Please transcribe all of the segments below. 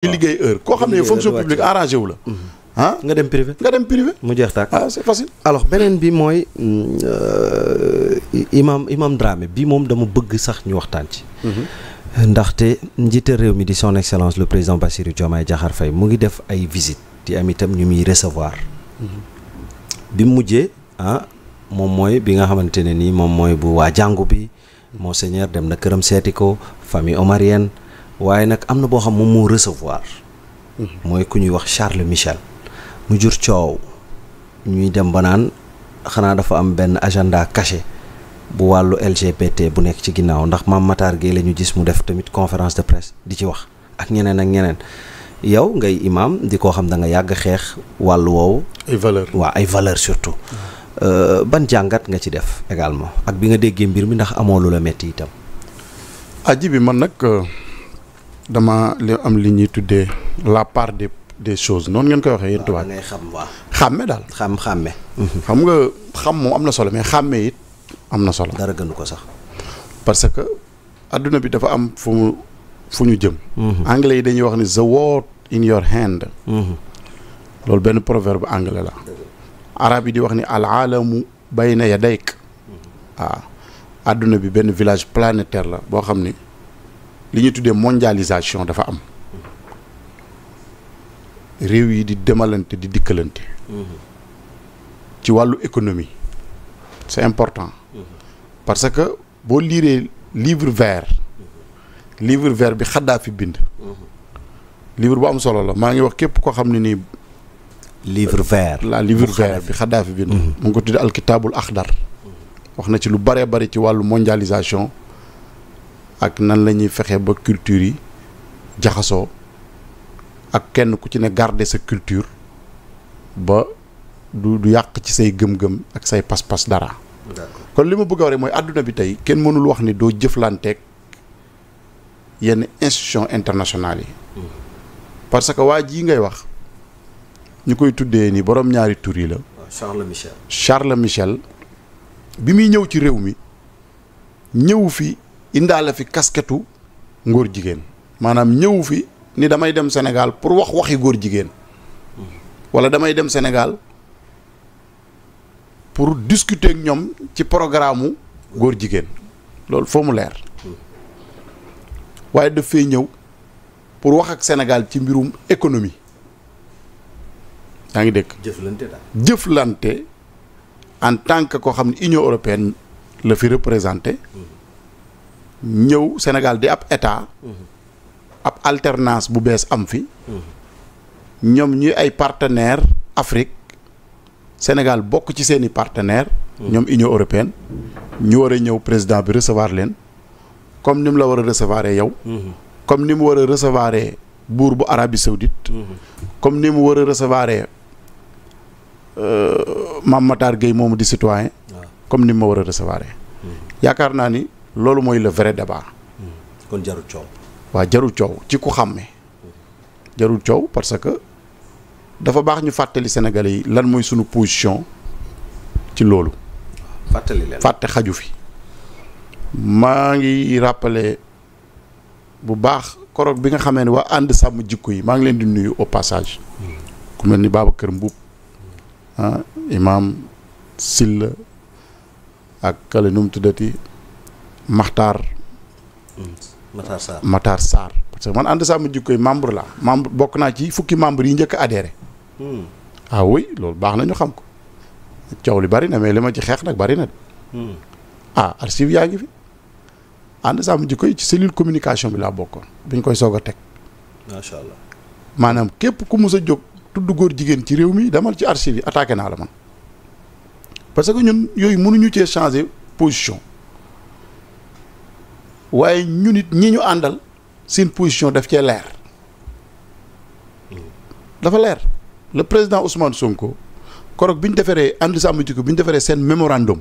di liggéey heure koo xam ne fonction publique arrangé wu la. Mhm. ah nga dem privé. dem privé mu jeex tàkk ah c'est facile. beneen bi mooy mm, euh, imam imam Dramé bi moom dama bëgg sax ñu waxtaan ci. Mhm. ndaxte njiite réew mi di son excellence le président Bassirou Diomaye Diakhar fay mu ngi def ay visite di am itam ñu muy recevoir. Mhm. bi mujjee ah moom mooy bi nga xamante ne nii moom mooy bu waa jàngu bi. monseigneur dem na këram seeti ko famille omarienne. waaye nag am na boo xam moom mu recevoir. Mm-hmm. mooy ku ñuy wax Charles Michel. mu jur coow ñuy dem banaan xanaa dafa am benn agenda caché bu wàllu LGBT bu nekk ci ginnaaw ndax maam Matar Gueye la ñu gis mu def tamit conférence de presse di ci wax ak ñeneen ak ñeneen yow ngay imaam di koo xam da nga yàgg xeex wàllu woowu. ay valeur waaw ay valeur surtout. Mm-hmm. Euh, ban jàngat nga ci def également ak bi nga déggee mbir mi ndax amoo lu la metti itam. aji man nag. Euh, dama li am li ñuy tuddee la part de des choses noonu ngeen koy waxee yéen tubaab ngay xam waaw xàmme daal xam xàmme mhm. xam nga xam moom am na solo mais xàmme it am na solo dara gënu ko sax parce que adduna bi dafa am fu fu ñu jëm mhm. anglais yi dañuy wax ni the word in your hand mhm. loolu benn proverbe anglais la arab yi di wax ni al alamu bayna yadayk waaw ah, adduna bi benn village planétaire la boo xam ni li ñuy tuddee mondialisation dafa am réew yi di demalante di dikkalante ci wàllu économie c'est important parce que boo liiree livre vert livre vert bi xaddaa fi bind livre bu am solo la maa ngi wax képp koo xam ne nii livre vert la livre vert bi Xaddaafi bind mm-hmm. mu ngi ko tuddee alkitaabul axdar wax na ci lu bëree bëri ci wàllu mondialisation ak nan la ñuy fexe ba culture yi jaxasoo ak kenn ku ci ne garder sa culture ba du du yàq ci say gëm-gëm ak say pas-pas dara. kon li ma bëgg a wax mooy àdduna bi tey kenn mënul wax ni doo jëflanteeg yenn institution internationales yi. Mm-hmm. parce que waa jii ngay wax ñu koy tuddee ni borom ñaari tur yi la. Ah, Charles Michel. Charles bi muy ñëw ci réew mi ñëw fi indaale fi kasketu ngóor jigéen maanaam ñëwu fi ni damay dem Sénégal pour wax waxi góor jigéen wala damay dem Sénégal pour discuter ak ñoom ci programme mu góor jigéen loolu foo mu leer waaye daf fee ñëw pour wax ak Sénégal ci mbirum économie yaa ngi dégg. jëflante daal jëflante en tant que koo xam ne Union européenne la fi représenté. Mm-hmm. ñëw Sénégal di ab état. ab alternance bu bees am fi. ñoom ñuy ay partenaires Afrique Sénégal bokk ci seeni partenaires. ñoom Union européenne. ñu war a ñëw président bi recevoir leen comme ni mu la war a recevoir yow. comme ni mu war a buur bu Arabie Saoudite. comme ni mu war a recevoir euh, Mame Matar Gueye moomu di citoyen ah. comme ni mu ma war a recevoir yaakaar naa ni. loolu mooy le vrai débat. kon jarul coow. waaw jarul coow ci ku xàmme. jarul coow parce que dafa baax ñu fàttali senegal yi lan mooy suñu position ci loolu. fàttali leen fàtte xaju fi. maa ngi rappeler bu baax koroog bi nga xamee ne waa ànd sàmm jikko yi maa ngi leen di nuyu au passage. ku mel ni kër Mbuub ah imaam Silla ak kale nu mu tuddati. Makhtar. Makhtar Sarr Makhtar Sarr parce que man ànd saa ma jikkoy membre la membre bokk naa ci fukki membre yi njëkk a adhéré. Hmm. ah oui loolu baax na ñu xam ko coow li bari na mais li ma ci xeex nag bari na de. Hmm. ah archive yaa ngi fi ànd saa ma jikkoy ci cellule communication bi laa bokkoon bi koy soog a teg. macha maanaam képp ku mus a jóg tudd góor jigéen ci réew mi demal ci archive yi attaqué naa la man parce que ñun yooyu mënuñu cee changer position. waaye ñun it ñi ñu àndal seen position daf cee leer dafa leer le président Ousmane Sonko korog bi ñu defaree ànd sàmm jikko bi ñu defaree seen mémorandum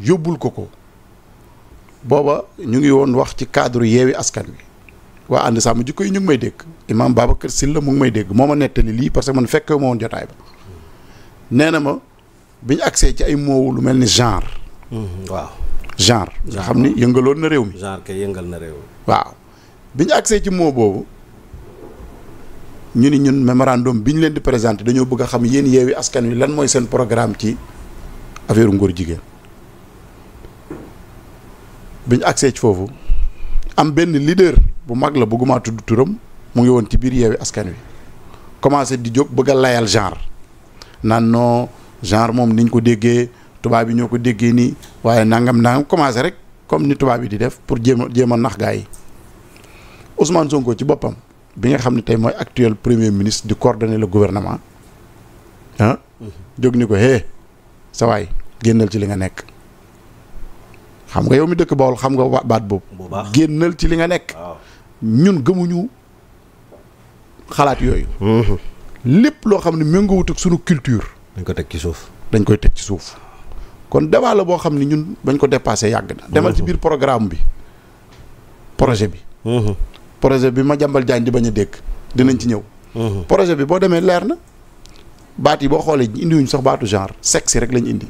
yóbbul ko ko booba ñu ngi woon wax ci cadre yeewi askan wi waa ànd sàmm jikko yi ñu ngi may dégg imam Babacar Sylla mu ngi may dégg moom ma nettali lii parce que man fekk moo woon jotaay ba nee na ma bi ñu agsee ci ay moowu lu mel ni genre hmm, waaw genre. nga xam ni yëngaloon na réew mi. genre kay yëngal na réew waaw bi ñu agsee ci moo boobu ñu ni ñun mémorandum bi ñu leen di présenté dañoo bëgg a xam yéen yeewi askan wi lan mooy seen programme ci affaire ngóor jigéen bi ñu ci foofu am benn leader bu mag la bëgguma tudd turam mu ngi woon ci biir yeewi askan wi commencé di jóg bëgg layal genre naan non genre moom niñ ko déggee. tubaab yi ñoo ko déggee nii waaye nangam nangam commencé rek comme ni tubaab yi di def pour jéem a jéem a nax gaa yi Ousmane Sonko ci boppam bi nga xam ne tey mooy actuel premier ministre di coordonner la gouvernement ah. jóg ni ko hé sa waay génnal ci li nga nekk xam nga yow mi dëkk Bawol xam nga baat boobu. génnal ci li nga nekk. ñun gëmuñu xalaat yooyu. Mm-hmm. lépp loo xam ne méngoowut ak sunu culture. dañ ko teg ci suuf. dañ koy teg ci suuf. kon débat boo xam ne ñun bañ ko dépassé yàgg na. demal ci biir programme bi projet bi. projet bi ma jàmbal jaañ di bañ a dégg dinañ ci ñëw. projet bi boo demee leer na baat yi boo xoolee indiwuñ sax baatu genre sexe rek lañ indi.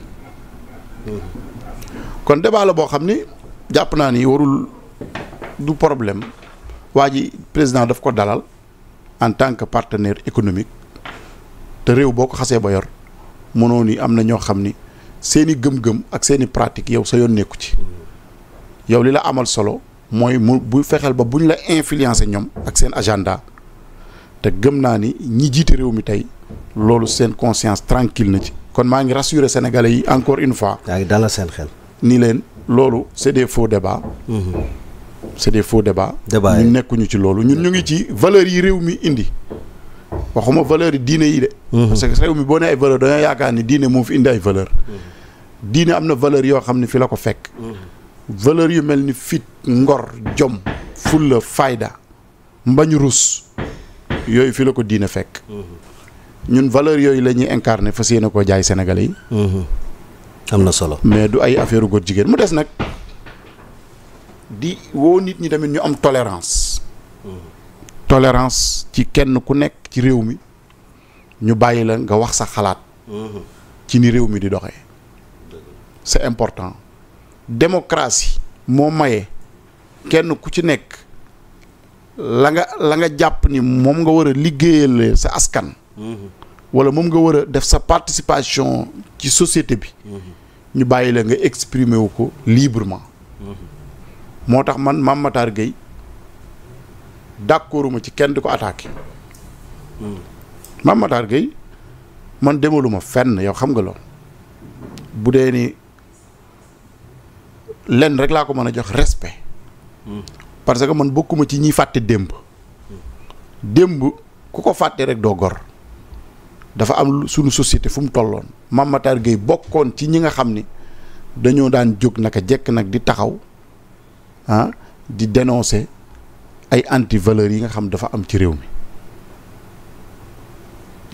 kon débat boo xam ni jàpp naa ni warul du problème waa ji président daf ko dalal en tant que partenaire économique te réew boo ko xasee ba yor mënoo ni am na ñoo xam ni. seen i gëm-gëm ak seen i pratique yow sa yoon nekku ci yow li la amal solo mooy mu bu fexeel ba buñ la influencer ñoom ak seen agenda te gëm naa ni ñi jiite réew mi tey loolu seen conscience tranquille na ci kon maa ngi rassurer sénégalais yi encore une fois. yaa ngi dalal seen xel. ni leen loolu c'est des faux débats. Mm-hmm. c'est des faux débats. débat nekkuñu ci loolu ñun ñu ngi ci valeurs yi réew mi indi. waxuma valeur yi diine yi de. Mhm. parce que réew mi boo nee ay valeur dañoo yaakaar ni diine moo fi indi ay valeur mhm. diine am na valeur yoo xam ne fi la ko fekk. Mhm. valeur yu mel ni fit ngor jom fulla fayda mbañ rus yooyu fi la ko diine fekk. ñun valeur yooyu la ñuy incarné fas yéene koo jaay Sénégalais yi. am na solo mais du ay affaire góor jigéen mu des nag di woo nit ñi tamit ñu am tolérance. tolérance ci kenn ku nekk ci réew mi ñu bàyyi la nga wax sa xalaat ci ni réew mi di doxee c'est important démocratie moo maye kenn ku ci nekk la nga la nga jàpp ni moom nga war a liggéeyale sa askan wala moom nga war a def sa participation ci société bi ñu bàyyi la nga exprimer wu ko librement moo tax man ma Matar Gueye d'accorduma ci kenn di ko attaqué. Hmm. Mame Matar man demaluma fenn yow xam nga loolu bu dee ni lenn rek laa ko mën a jox respect. Hmm. parce que man bokkuma ci ñiy fàtte démb. Hmm. démb ku ko fàtte rek doo gor. dafa am suñu société fu mu tolloon Mame Matar Gueye bokkoon ci ñi nga xam ni dañoo daan jóg naka jekk nag di taxaw ah di dénoncer. ay anti valeurs yi nga xam dafa am ci réew mi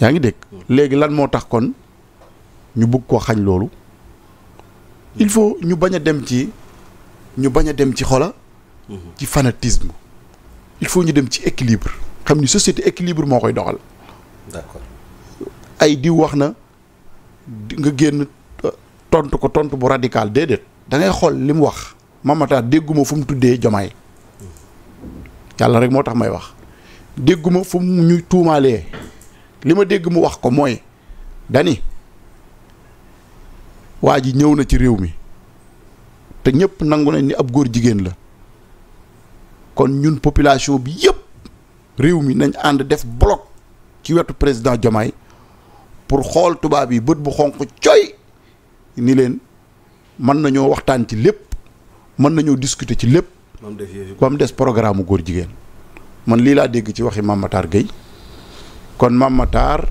yaa ngi dégg léegi lan moo tax kon ñu bugg koo xañ loolu il faut ñu bañ a dem ci ñu bañ a dem ci xola mhm. ci fanatisme il faut ñu dem ci équilibre xam ni société équilibre moo koy doxal d'accord ay diw wax na nga génn tontu ko tontu bu radical déedéet da ngay xool li mu wax mamata dégguma fu mu tuddee jomaay yàlla rek moo tax may wax dégguma fu mu ñu tuumaalee li ma dégg mu wax ko mooy dani waa ji ñëw na ci réew mi te ñëpp nangu nañ ni ab góor jigéen la kon ñun population bi yëpp réew mi nañ ànd def bloc ci wetu président Diomaye pour xool tubaab yi bët bu xonq coy ni leen mën nañoo waxtaan ci lépp mën nañoo discuter ci lépp ba mu des programme góor jigéen man lii laa dégg ci waxi Mame Matar Gueye kon Mame Matar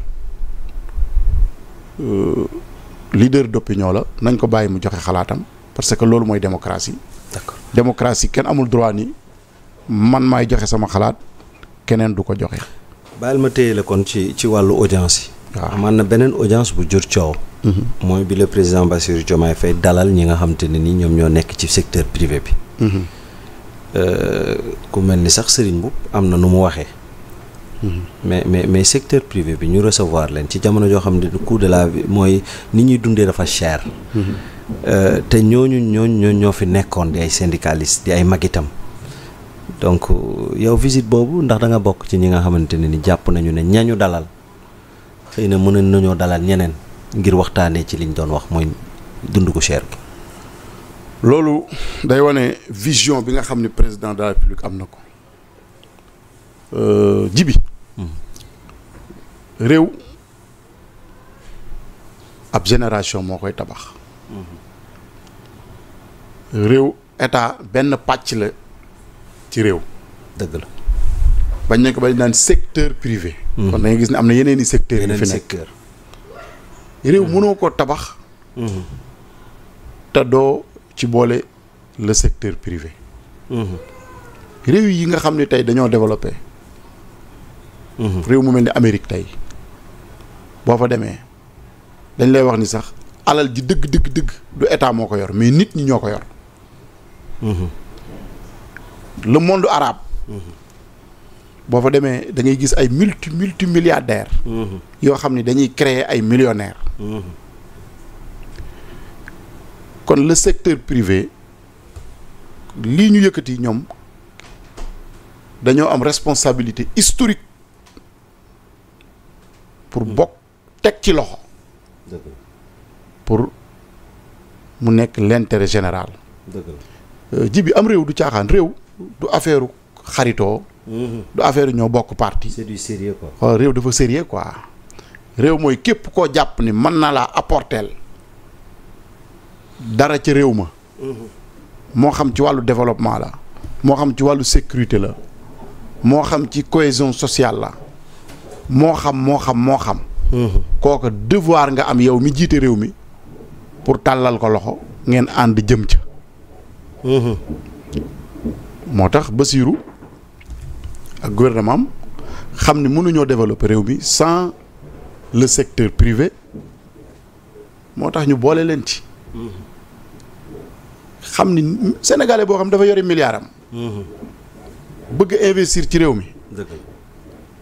euh, leader d'opinion la nañ ko bàyyi mu joxe xalaatam parce que loolu mooy démocratie. d'accord démocratie kenn amul droit ni man maay joxe sama xalaat keneen du ko joxe. bàyyil ma téye la kon ci ci wàllu audience yi. waaw man na beneen audience bu jur coow. Mhm. mooy bi le président Bassirou Diomaye fay dalal ñi nga xam te ne ni ñoom ñoo nekk ci secteur privé bi. Mhm. ku mel ni sax sëriñ Mboup am na nu mu waxee. Hmm. mais mais mais secteur privé bi ñu recevoir leen ci jamono joo xam ni coût de la mooy ni ñuy dundee dafa cher. Hmm. Euh, te ñooñu ñooñu ñoo fi nekkoon di ay syndicalistes di ay mag itam donc euh, yow visite boobu ndax danga bokk ci ñi nga xamante ne ni jàpp nañu ne ñañu dalal xëy na mën nañoo dalal ñeneen ngir waxtaanee ci liñ doon wax mooy dund ko cher bi loolu day wane vision bi nga xam ni président de la république am na ko euh, jibi hmm. réew ab génération moo koy tabax hmm. réew état benn pàcc la ci réew dëgg la bañ nañ ko bañ naan secteur privé hmm. kon da gis ne am na yeneen i secteurs yi fi nekk réew mënoo ko tabax te doo ci boole le secteur privé. Mm-hmm. réew yi nga xam ne tey dañoo développé. Mm-hmm. réew mu mel ni Amérique tey boo fa demee dañ lay wax ni sax alal ji dëgg dëgg dëgg du état moo ko yor mais nit ñi ñoo ko yor. Mm-hmm. le monde arabe. boo fa demee dangay gis ay multi multi milliardaires. yoo xam ni dañuy créer ay millionnaires. kon le secteur privé lii ñu yëkkati ñoom dañoo am responsabilité historique pour hmm. bokk teg ci loxo pour mu nekk l'intérêt général euh, ji bi am réew du caaxaan réew du affaire xaritoo mm-hmm. du affaire ñoo bokk parti c'est du sérieux quoi euh, réew dafa sérieux quoi réew mooy képp koo jàpp ni mën na laa apporteel dara ci réew ma moo xam ci wàllu développement la moo xam ci wàllu sécurité la moo xam ci cohésion sociale la moo xam moo xam moo xam kooka devoir nga am yow mi jiite réew mi pour tàllal ko loxo ngeen ànd jëm ca moo tax Bassirou ak gouvernement xam ne mënuñoo développer réew mi sans le secteur privé moo tax ñu boole leen ci xam ni sénégalais boo xam dafa yore milliard am. bëgg investir ci réew mi.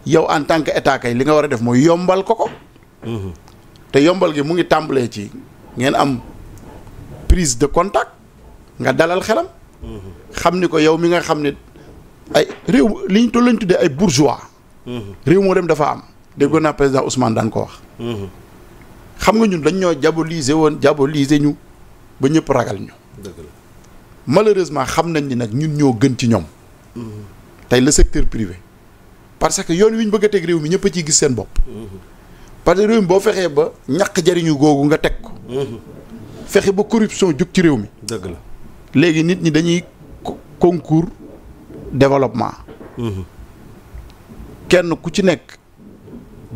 yow en tant que état kay li nga war a def mooy yombal ko ko. te yombal gi mu ngi tàmbalee ci ngeen am prise de contact nga dalal xelam. xam ni ko yow mi nga xam ni ay réew li ñu to lañ tuddee ay bourgeois. réew moo dem dafa am. déggoon naa président Ousmane daan ko wax. xam nga ñun dañ ñoo diaboliser woon diaboliser ñu ba ñëpp ragal ñu. malheureusement xam nañ ni nag ñun ñoo gën ci ñoom tey le secteur privé parce que yoon wi ñu bëgg teg réew mi ñëpp a ciy gis seen bopp parce que réew mi boo fexee ba ñàkk jariñu googu nga teg ko fexe ba corruption jóg ci réew mi dëgg léegi nit ñi dañuy concours développement kenn ku ci nekk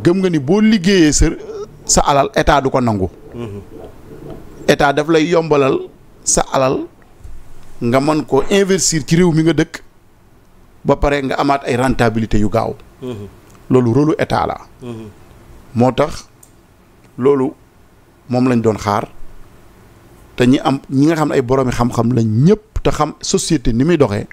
gëm nga ni boo liggéeyee sa sa alal état du ko nangu mmh. état daf lay yombalal sa alal nga man koo investir ci réew mi nga dëkk ba pare nga amaat ay rentabilité yu gaaw mhm. loolu rôlu état la mhm. moo tax loolu moom lañ doon xaar te ñi am ñi nga xam ne ay boroomi xam-xam lañ ñëpp te xam société ni muy doxee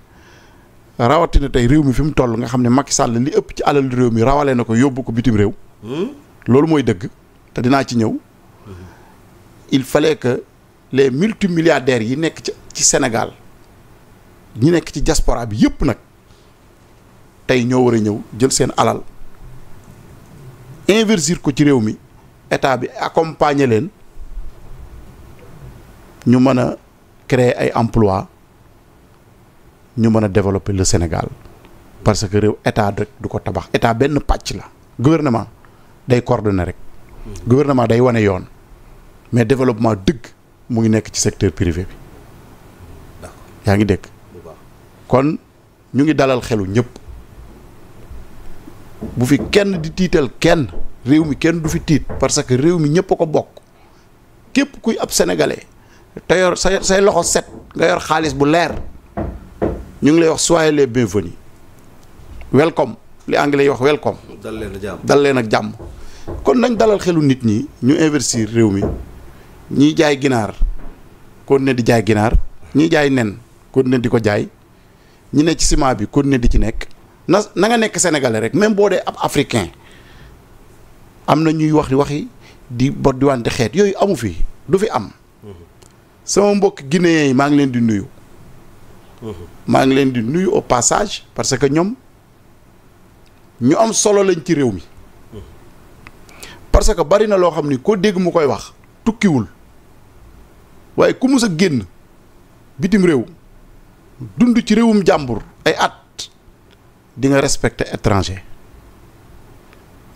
rawatina tey réew mi fi mu toll nga xam ne Macky Sall li ëpp ci alal réew mi rawalee na ko yóbbu ko bitim réew mhm. loolu mooy dëgg te dinaa ci ñëw il fallait les multimilliardaires yi nekk ci ci Sénégal ñi nekk ci diaspora bi yëpp nag tey ñoo war a ñëw jël seen alal investir ko ci réew mi état bi accompagner leen ñu mën a créer ay emploi ñu mën a développer le Sénégal parce que réew état rek du ko tabax état benn pàcc la gouvernement day coordonner rek gouvernement day wane yoon mais développement dëgg mu ngi nekk ci secteur privé bi yaa ngi dégg kon ñu ngi dalal xelu ñëpp bu fi kenn di tiital kenn réew mi kenn du fi tiit parce que réew mi ñëpp a ko bokk képp kuy ab sénégalais te yor sa say loxo set nga yor xaalis bu leer ñu ngi lay wax soyez les bienvenus welcome li anglais yi wax welcome dal leen ak jàmm dal leen ak jàmm kon nañ dalal xelu nit ñi ñu investir réew mi ñiy jaay ginaar kon ne di jaay ginaar ñiy jaay nen kon ne di ko jaay ñi ne ci ciment bi kon ne di ci nekk na na nga nekk sénégalais rek même boo dee ab africain am na ñuy wax waxi di bot di wante xeet yooyu amu fi du fi am sama mbokk guinéen yi maa ngi leen di nuyu maa ngi leen di nuyu au passage parce que ñoom ñu am solo lañ ci réew mi parce que bari na loo xam ni koo dégg mu koy wax tukkiwul waaye ku mus a génn bitim réew dund ci réewum jàmbur ay at dinga nga respecter étranger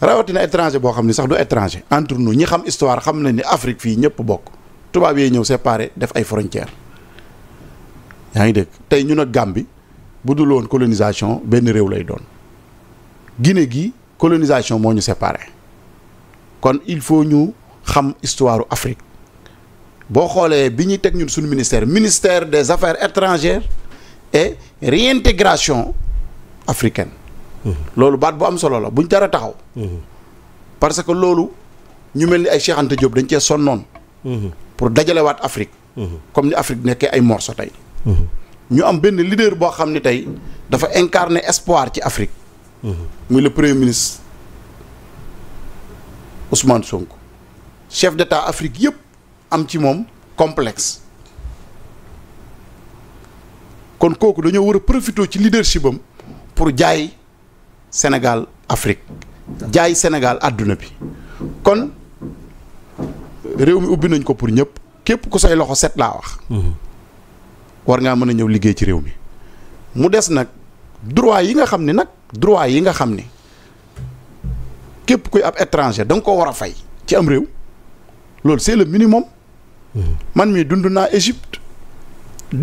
rawatina étranger boo xam ne sax du étranger entre nous ñi xam histoire xam na ni Afrique fii ñëpp bokk tubaab yee ñëw séparé def ay frontières yaa ngi dégg tey ñu ne Gambie bu dul woon colonisation benn réew lay doon Guinée gi colonisation moo ñu séparé kon il faut ñu xam histoire Afrique. boo xoolee bi ñuy teg ñun suñu ministère ministère des affaires étrangères et réintégration africaine. Mm-hmm. loolu baat bu am solo la buñ dara taxaw. Mm-hmm. parce que loolu ñu mel ni ay Cheikh Anta Diop dañ cee sonnoon. Mm-hmm. pour dajalewaat Afrique. comme ni Afrique nekkee ay morso tey. ñu am benn leader boo xam ne tey dafa incarner espoir ci Afrique. muy le premier ministre Ousmane Sonko chef d'état Afrique yëpp. am ci moom complexe kon kooku dañoo war a profiter ci leadership am pour jaay Sénégal Afrique jaay Sénégal àdduna bi kon réew mi ubbi nañ ko pour ñëpp képp ku say loxo set laa wax mm-hmm. war ngaa mën a ñëw liggéey ci réew mi mu des nag droit yi nga xam ni nag droit yi nga xam ni képp kuy ab étranger da nga ko war a fay ci am réew loolu c'est le minimum man mii dund naa Égypte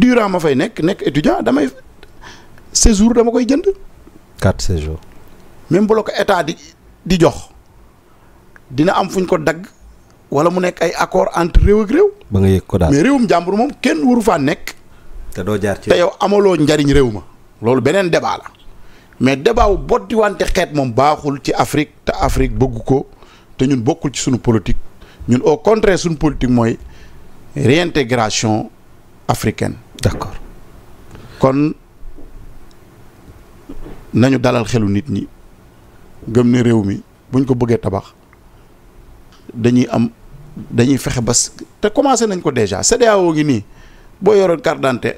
durant ma fay nekk nekk étudiant damay séjour dama koy jënd. quatre séjours. même bu la ko état di di jox dina am fu ñu ko dagg wala mu nekk ay accord entre réew ak réew. ba nga yëg ko daal mais réewum jàmbur moom kenn waru faa nekk. te doo jaar ci te yow amaloo njariñ réew ma. loolu beneen débat la mais débat wu xeet moom baaxul ci Afrique te Afrique bëgg ko te ñun bokkul ci suñu politique ñun au contraire suñu politique mooy. réintégration africaine. d'accord kon nañu dalal xelu nit ñi gëm ne réew mi buñ ko bëggee tabax dañuy am dañuy fexe ba te commencé nañ ko déjà CEDEAO ngi nii boo yoroon carte d'identité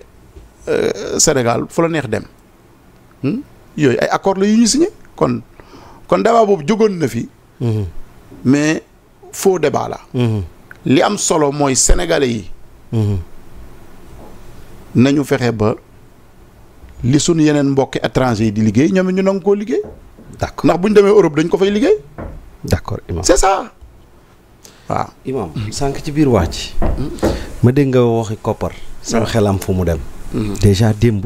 euh, Sénégal fu la neex dem hmm? yooyu ay accord la yu ñu signé kon kon débat boobu jógoon na fi. Mm-hmm. mais foo débat la. Mm-hmm. li am solo mooy sénégalais yi. Mhm. nañu fexe ba li suñu yeneen mbokki étranger yi di liggéey ñoom ñu nangu koo liggéey. d'accord ndax bu ñu demee Europe dañ ko fay liggéey. d'accord imam c'est ça waaw. Ah, imam hmm. sànq ci biir wàcc hmm. ma dégg nga waxi koppar. sama hmm. xelam fu mu dem. déjà démb.